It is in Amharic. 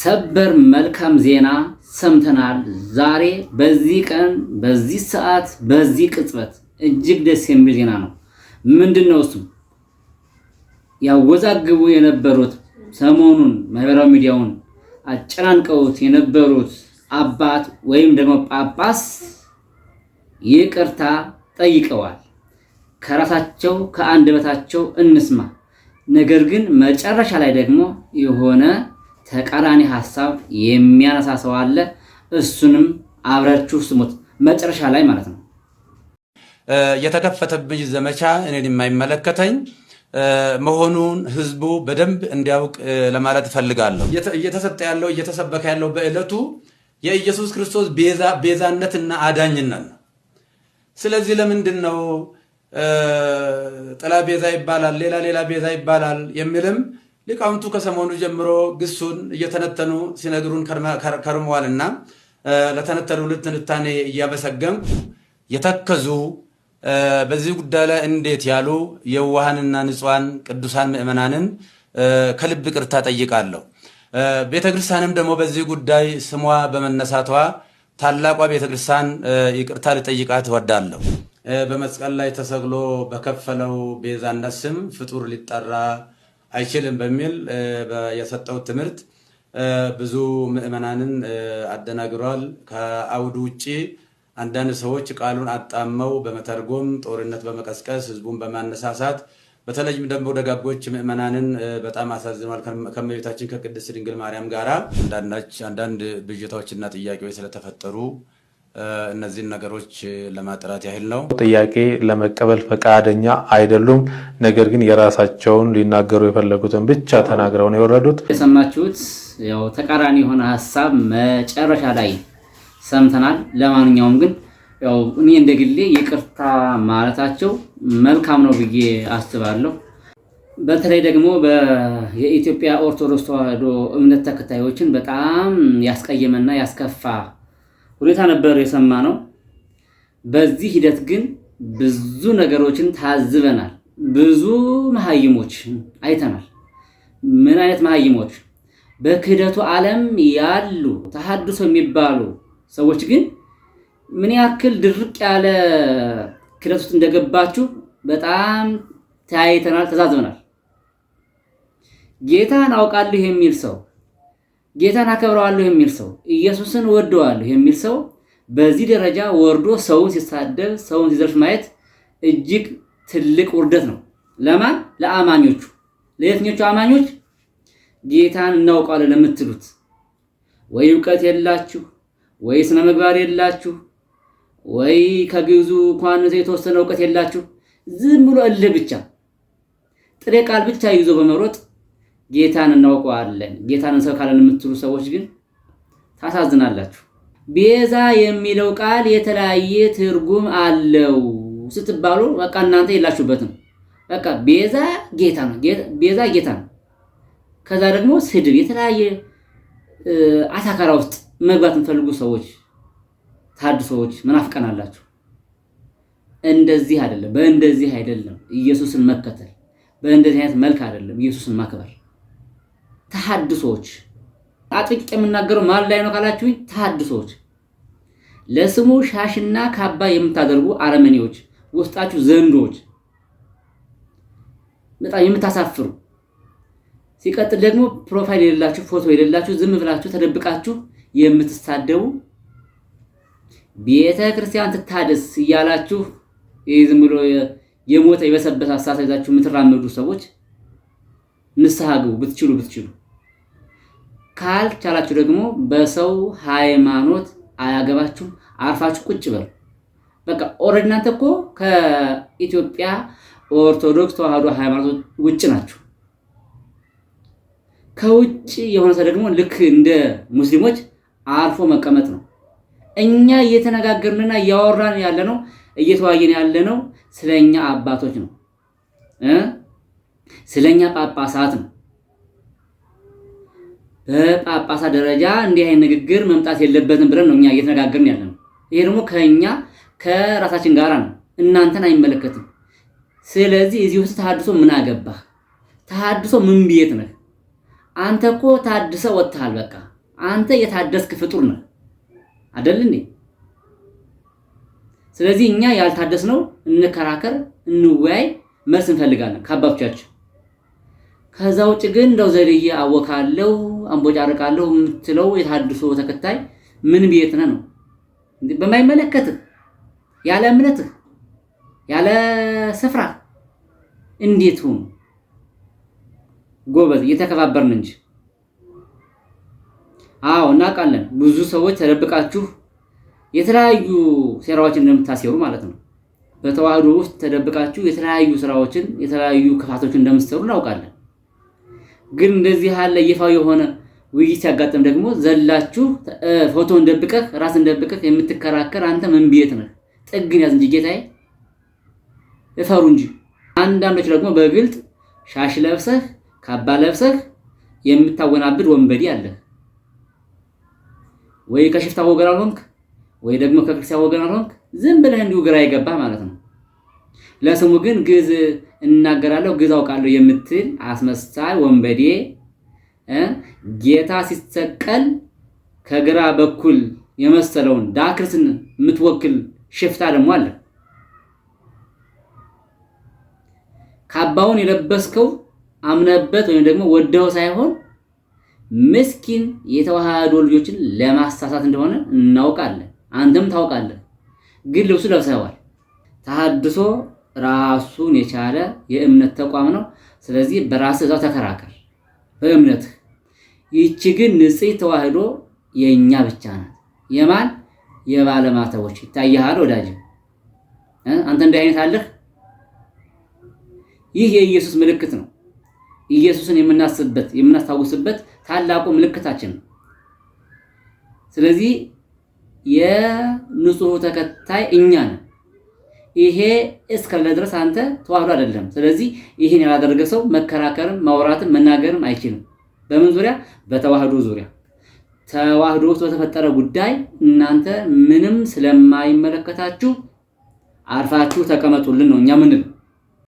ሰበር መልካም ዜና ሰምተናል። ዛሬ በዚህ ቀን በዚህ ሰዓት በዚህ ቅጽበት እጅግ ደስ የሚል ዜና ነው። ምንድን ነው እሱም? ያወዛግቡ የነበሩት ሰሞኑን ማህበራዊ ሚዲያውን አጨናንቀውት የነበሩት አባት ወይም ደግሞ ጳጳስ ይቅርታ ጠይቀዋል። ከራሳቸው ከአንደበታቸው እንስማ። ነገር ግን መጨረሻ ላይ ደግሞ የሆነ ተቃራኒ ሀሳብ የሚያነሳ ሰው አለ። እሱንም አብራችሁ ስሙት፣ መጨረሻ ላይ ማለት ነው። የተከፈተብኝ ዘመቻ እኔን የማይመለከተኝ መሆኑን ህዝቡ በደንብ እንዲያውቅ ለማለት እፈልጋለሁ። እየተሰጠ ያለው እየተሰበከ ያለው በዕለቱ የኢየሱስ ክርስቶስ ቤዛነትና አዳኝነት ነው። ስለዚህ ለምንድን ነው ጥላ ቤዛ ይባላል፣ ሌላ ሌላ ቤዛ ይባላል የሚልም ሊቃውንቱ ከሰሞኑ ጀምሮ ግሱን እየተነተኑ ሲነግሩን ከርመዋልና ለተነተኑ ልትንታኔ እያመሰገንኩ የተከዙ በዚህ ጉዳይ ላይ እንዴት ያሉ የዋሃንና ንጹሐን ቅዱሳን ምእመናንን ከልብ ቅርታ ጠይቃለሁ። ቤተክርስቲያንም ደግሞ በዚህ ጉዳይ ስሟ በመነሳቷ ታላቋ ቤተክርስቲያን ይቅርታ ልጠይቃት እወዳለሁ። በመስቀል ላይ ተሰቅሎ በከፈለው ቤዛነት ስም ፍጡር ሊጠራ አይችልም በሚል የሰጠው ትምህርት ብዙ ምዕመናንን አደናግሯል። ከአውዱ ውጭ አንዳንድ ሰዎች ቃሉን አጣመው በመተርጎም ጦርነት በመቀስቀስ ህዝቡን በማነሳሳት በተለይም ደግሞ ደጋጎች ምዕመናንን በጣም አሳዝኗል። ከመቤታችን ከቅድስት ድንግል ማርያም ጋራ አንዳንድ ብዥታዎችና ጥያቄዎች ስለተፈጠሩ እነዚህን ነገሮች ለማጥራት ያህል ነው። ጥያቄ ለመቀበል ፈቃደኛ አይደሉም። ነገር ግን የራሳቸውን ሊናገሩ የፈለጉትን ብቻ ተናግረው ነው የወረዱት። የሰማችሁት ያው ተቃራኒ የሆነ ሀሳብ መጨረሻ ላይ ሰምተናል። ለማንኛውም ግን ያው እኔ እንደ ግሌ ይቅርታ ማለታቸው መልካም ነው ብዬ አስባለሁ። በተለይ ደግሞ የኢትዮጵያ ኦርቶዶክስ ተዋሕዶ እምነት ተከታዮችን በጣም ያስቀየመና ያስከፋ ሁኔታ ነበር የሰማ ነው። በዚህ ሂደት ግን ብዙ ነገሮችን ታዝበናል። ብዙ መሀይሞች አይተናል። ምን አይነት መሀይሞች? በክህደቱ ዓለም ያሉ ተሐድሶ የሚባሉ ሰዎች ግን ምን ያክል ድርቅ ያለ ክህደት ውስጥ እንደገባችሁ በጣም ተያይተናል፣ ተዛዝበናል። ጌታን አውቃለሁ የሚል ሰው ጌታን አከብረዋለሁ የሚል ሰው ኢየሱስን ወደዋለሁ የሚል ሰው በዚህ ደረጃ ወርዶ ሰውን ሲሳደብ ሰውን ሲዘርፍ ማየት እጅግ ትልቅ ውርደት ነው። ለማን? ለአማኞቹ። ለየትኞቹ አማኞች? ጌታን እናውቀዋለን ለምትሉት ወይ እውቀት የላችሁ ወይ ስነ ምግባር የላችሁ ወይ ከግዙ እንኳን የተወሰነ እውቀት የላችሁ ዝም ብሎ እልህ ብቻ ጥሬ ቃል ብቻ ይዞ በመሮጥ ጌታን እናውቀዋለን ጌታን እንሰብካለን የምትሉ ሰዎች ግን ታሳዝናላችሁ። ቤዛ የሚለው ቃል የተለያየ ትርጉም አለው ስትባሉ በቃ እናንተ የላችሁበትም። በቃ ቤዛ ጌታ ነው፣ ቤዛ ጌታ ነው። ከዛ ደግሞ ስድብ፣ የተለያየ አታካራ ውስጥ መግባት የምፈልጉ ሰዎች ሰዎች መናፍቃን አላችሁ። እንደዚህ አይደለም፣ በእንደዚህ አይደለም ኢየሱስን መከተል፣ በእንደዚህ አይነት መልክ አይደለም ኢየሱስን ማክበር ተሐድሶች አጥብቅ የምናገረው ማን ላይ ነው ካላችሁኝ፣ ተሐድሶች ለስሙ ሻሽና ካባ የምታደርጉ አረመኔዎች፣ ውስጣችሁ ዘንዶች፣ በጣም የምታሳፍሩ ሲቀጥል ደግሞ ፕሮፋይል የሌላችሁ ፎቶ የሌላችሁ ዝም ብላችሁ ተደብቃችሁ የምትሳደቡ ቤተ ክርስቲያን ትታደስ እያላችሁ ዝም ብሎ የሞተ የበሰበሰ አሳሳይዛችሁ የምትራመዱ ሰዎች ንስሐ ግቡ ብትችሉ ብትችሉ ካልቻላችሁ ደግሞ በሰው ሃይማኖት አያገባችሁ፣ አርፋችሁ ቁጭ በሉ። በቃ ኦልሬዲ እናንተ እኮ ከኢትዮጵያ ኦርቶዶክስ ተዋህዶ ሃይማኖት ውጭ ናችሁ። ከውጭ የሆነ ሰው ደግሞ ልክ እንደ ሙስሊሞች አርፎ መቀመጥ ነው። እኛ እየተነጋገርንና እያወራን ያለ ነው፣ እየተዋየን ያለ ነው። ስለኛ አባቶች ነው፣ ስለኛ ጳጳሳት ነው። በጳጳሳ ደረጃ እንዲህ አይነት ንግግር መምጣት የለበትም ብለን ነው እኛ እየተነጋገርን ያለ ነው። ይሄ ደግሞ ከእኛ ከራሳችን ጋር ነው፣ እናንተን አይመለከትም። ስለዚህ እዚህ ውስጥ ተሐድሶ ምን አገባህ? ተሐድሶ ምን ቤት ነህ? አንተ እኮ ታድሰ ወጥተሃል። በቃ አንተ የታደስክ ፍጡር ነህ አደል እንዴ? ስለዚህ እኛ ያልታደስ ነው እንከራከር፣ እንወያይ፣ መልስ እንፈልጋለን ከአባቶቻችን። ከዛ ውጭ ግን እንደው ዘልዬ አወካለሁ አንቦጫርቃለሁ የምትለው የታድሶ ተከታይ ምን ቤት ነህ ነው? በማይመለከትህ ያለ እምነትህ ያለ ስፍራ እንዴት ሁኑ? ጎበዝ እየተከባበርን እንጂ። አዎ እናውቃለን፣ ብዙ ሰዎች ተደብቃችሁ የተለያዩ ሴራዎችን እንደምታሴሩ ማለት ነው። በተዋህዶ ውስጥ ተደብቃችሁ የተለያዩ ስራዎችን የተለያዩ ክፋቶችን እንደምትሰሩ እናውቃለን። ግን እንደዚህ ያለ ይፋ የሆነ ውይይት ሲያጋጥም ደግሞ ዘላችሁ ፎቶን ደብቀህ ራስን ደብቀህ የምትከራከር አንተ መንብየት ነህ። ጥግን ያዝ እንጂ ጌታዬ፣ እፈሩ እንጂ። አንዳንዶች ደግሞ በግልጥ ሻሽ ለብሰህ ካባ ለብሰህ የምታወናብድ ወንበዴ አለ። ወይ ከሽፍታ ወገን አልሆንክ፣ ወይ ደግሞ ከክርስቲያን ወገን አልሆንክ። ዝም ብለህ እንዲሁ ግራ የገባህ ማለት ነው። ለስሙ ግን ግዕዝ እናገራለሁ ግዛ አውቃለሁ የምትል አስመሳይ ወንበዴ ጌታ ሲሰቀል ከግራ በኩል የመሰለውን ዳክርስን የምትወክል ሽፍታ ደግሞ አለ። ካባውን የለበስከው አምነበት ወይም ደግሞ ወደው ሳይሆን ምስኪን የተዋህዶ ልጆችን ለማሳሳት እንደሆነ እናውቃለን። አንተም ታውቃለህ፣ ግን ልብሱ ለብሰዋል። ተሐድሶ ራሱን የቻለ የእምነት ተቋም ነው። ስለዚህ በራስህ እዛው ተከራከር በእምነትህ። ይቺ ግን ንጽህ ተዋህዶ የእኛ ብቻ ናት። የማን የባለማተቦች ይታያሃል ወዳጅ። አንተ እንዲህ አይነት አለህ። ይህ የኢየሱስ ምልክት ነው። ኢየሱስን የምናስብበት የምናስታውስበት ታላቁ ምልክታችን ነው። ስለዚህ የንጹህ ተከታይ እኛ ነን። ይሄ እስካለ ድረስ አንተ ተዋህዶ አይደለም። ስለዚህ ይህን ያላደረገ ሰው መከራከርም ማውራትም መናገርም አይችልም። በምን ዙሪያ? በተዋህዶ ዙሪያ። ተዋህዶ ውስጥ በተፈጠረ ጉዳይ እናንተ ምንም ስለማይመለከታችሁ አርፋችሁ ተቀመጡልን ነው እኛ ምንል